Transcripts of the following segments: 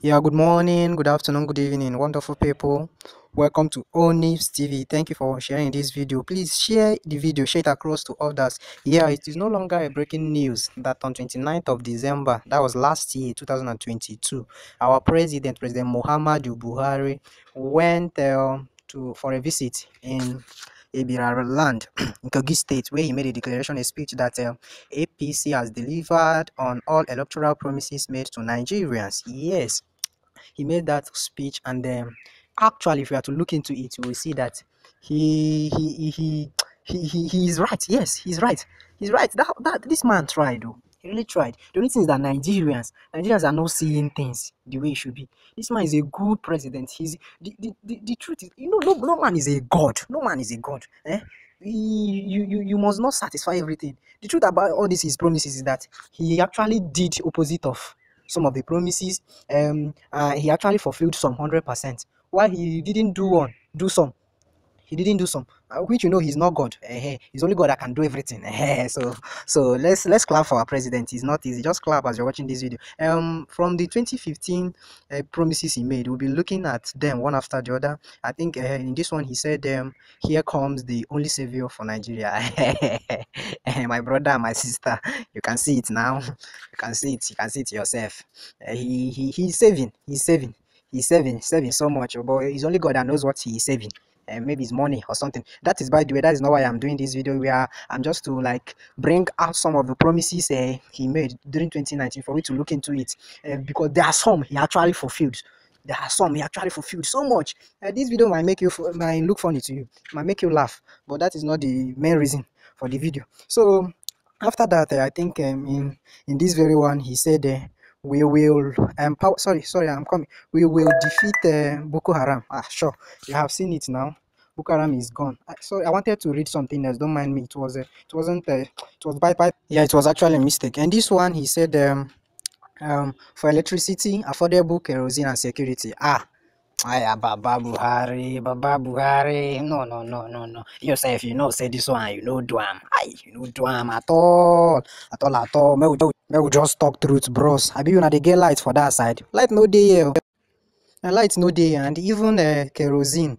Yeah, good morning, good afternoon, good evening, wonderful people. Welcome to Onifs TV. Thank you for sharing this video. Please share the video, share it across to others. Yeah, it is no longer a breaking news that on 29th of December, that was last year, 2022, our president, President Muhammadu Buhari, went uh, to for a visit in Land in Kogi State, where he made a declaration, a speech that um, APC has delivered on all electoral promises made to Nigerians. Yes, he made that speech, and um, actually, if you are to look into it, you will see that he he he. he he, he, he is right. Yes, he's right. He's right. That, that this man tried though he really tried. The only thing is that Nigerians, Nigerians are not seeing things the way it should be. This man is a good president. He's the, the, the, the truth is, you know, no, no man is a god. No man is a god. Eh? You, you you must not satisfy everything. The truth about all this his promises is that he actually did opposite of some of the promises. Um, uh, he actually fulfilled some hundred percent. Why he didn't do one, do some he didn't do some, uh, which you know he's not God. uh He's only God that can do everything. uh So so let's let's clap for our president. He's not easy. Just clap as you're watching this video. Um, from the 2015 uh, eh, promises he made, we'll be looking at them one after the other. I think uh, in this one he said, um, "Here comes the only savior for Nigeria." my brother, my sister, you can see it now. You can see it. You can see it yourself. Uh, he he he's saving. He's saving. He's saving. Saving so much, but he's only God that knows what he's saving uh, maybe it's money or something that is by the way that is not why i'm doing this video where i'm just to like bring out some of the promises uh, he made during 2019 for we to look into it uh, because there are some he actually fulfilled there are some he actually fulfilled so much uh, this video might make you might look funny to you might make you laugh but that is not the main reason for the video so after that uh, i think um, in in this very one he said uh, we will empower um, sorry sorry i'm coming we will defeat uh, boko haram ah sure you have seen it now boko haram is gone So ah, sorry i wanted to read something else don't mind me it was uh, it wasn't uh, it was by yeah it was actually a mistake and this one he said um um for electricity affordable kerosene and security ah Aya, Baba Buhari, Baba Buhari. No, no, no, no, no. Yourself, you know, say this one, you know, do am. Aye, you know, do am at all. At all, at all. May we, may we just talk truth, bros. I be una dey get light for that side. Light no day, here. light no day, and even uh, kerosene.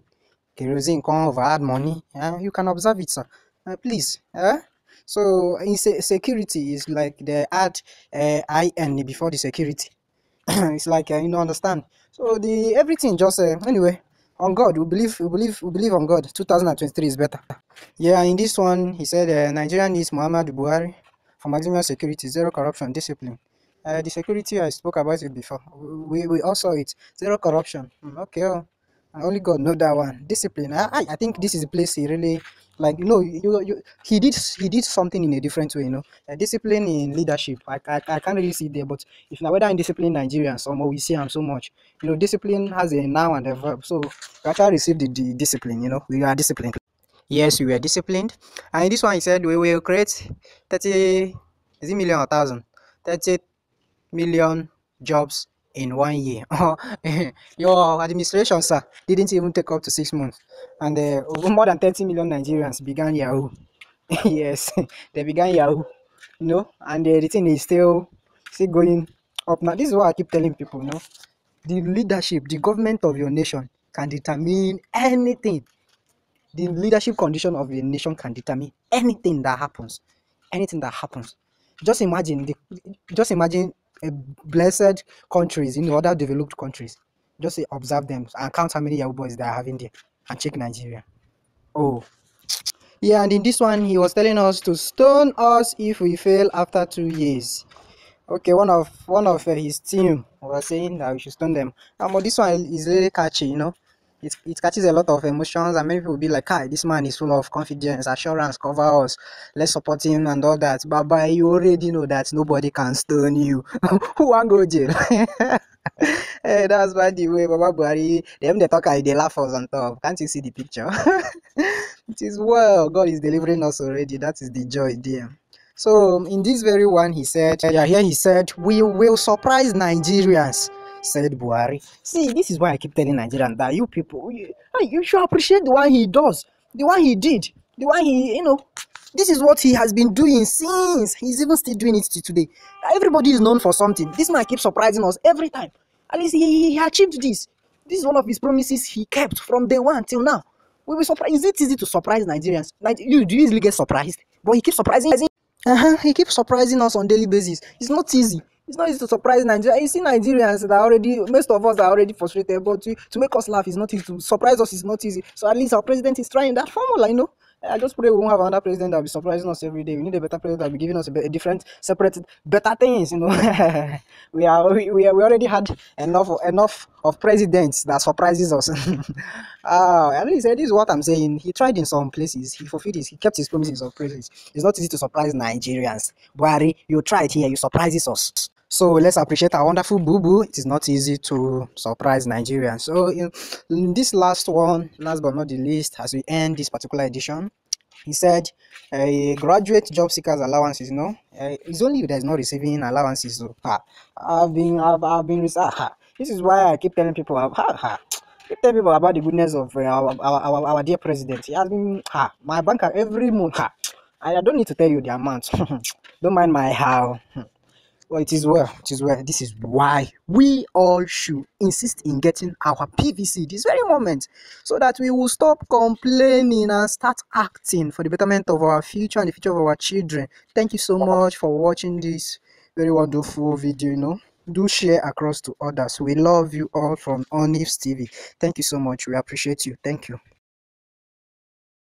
Kerosene come over add money. Uh, you can observe it, sir. Uh, please. Uh? So, in se security is like the add uh, IN before the security. it's like uh, you know understand so the everything just uh, anyway on god we believe we believe we believe on god 2023 is better yeah in this one he said uh, nigeria needs muhammad buhari for maximum security zero corruption discipline uh, the security i spoke about it before we we all saw it zero corruption mm, okay oh. only god know that one discipline I, I i think this is a place he really like you know you, you he did he did something in a different way you know uh, discipline in leadership I, I, I can't really see there but if now whether in discipline nigeria and somewhere we see him so much you know discipline has a noun and a verb so Kacha received the, the discipline you know we are disciplined yes we were disciplined and in this one he said we will create 30 is it million or thousand 30 million jobs in one year. Oh, your administration, sir, didn't even take up to six months. And uh, more than 30 million Nigerians began Yahoo. yes, they began Yahoo. You know, and uh, the thing is still, still going up now. This is what I keep telling people, you know. The leadership, the government of your nation can determine anything. The leadership condition of a nation can determine anything that happens. Anything that happens. Just imagine the just imagine blessed countries, in other developed countries. Just say, observe them and count how many Yahoo boys they are having there and check Nigeria. Oh, yeah. And in this one, he was telling us to stone us if we fail after two years. Okay, one of one of uh, his team was saying that we should stone them. Um, but this one is really catchy, you know it, it catches a lot of emotions and many people be like hi ah, this man is full of confidence assurance cover us let's support him and all that but by you already know that nobody can stone you who won't go jail hey, eh, that's by the way baba buhari them they talk they laugh us on top can't you see the picture it is well god is delivering us already that is the joy there so in this very one he said yeah here he said we will surprise nigerians said Buhari. See, this is why I keep telling Nigerians that you people, you, you should appreciate the one he does, the one he did, the one he, you know, this is what he has been doing since. He's even still doing it to today. Everybody is known for something. This man keeps surprising us every time. At least he, he achieved this. This is one of his promises he kept from day one till now. We will surprise. Is it easy to surprise Nigerians? Like you, you easily get surprised, but he keeps surprising. Uh -huh, he keeps surprising us on daily basis. It's not easy it's not easy to surprise Nigeria. You see Nigerians that already, most of us are already frustrated, but to, to make us laugh is not easy, to surprise us is not easy. So at least our president is trying that formula, you know. I just pray we won't have another president that will be surprising us every day. We need a better president that will be giving us a, be- a different, separate, better things. You know, we are we, we, are, we already had enough enough of presidents that surprises us. uh, at least uh, this is what I'm saying. He tried in some places. He fulfilled his. He kept his promises of praises. It's not easy to surprise Nigerians. Buhari, you tried here. You surprises us. So let's appreciate our wonderful boo boo. It is not easy to surprise Nigerians. So in, in this last one, last but not the least, as we end this particular edition, he said a graduate job seekers allowances is no. uh, it's only if there is not receiving allowances so ha, i've been i've, I've been ha, ha. this is why i keep telling people ha, ha. Keep telling people about the goodness of uh, our, our, our, our, dear president he has been ha, my banker every month ha. I, I don't need to tell you the amount don't mind my how well, it is well. It is well. This is why we all should insist in getting our PVC this very moment so that we will stop complaining and start acting for the betterment of our future and the future of our children. Thank you so much for watching this very wonderful video. You know, do share across to others. We love you all from Onif's TV. Thank you so much. We appreciate you. Thank you.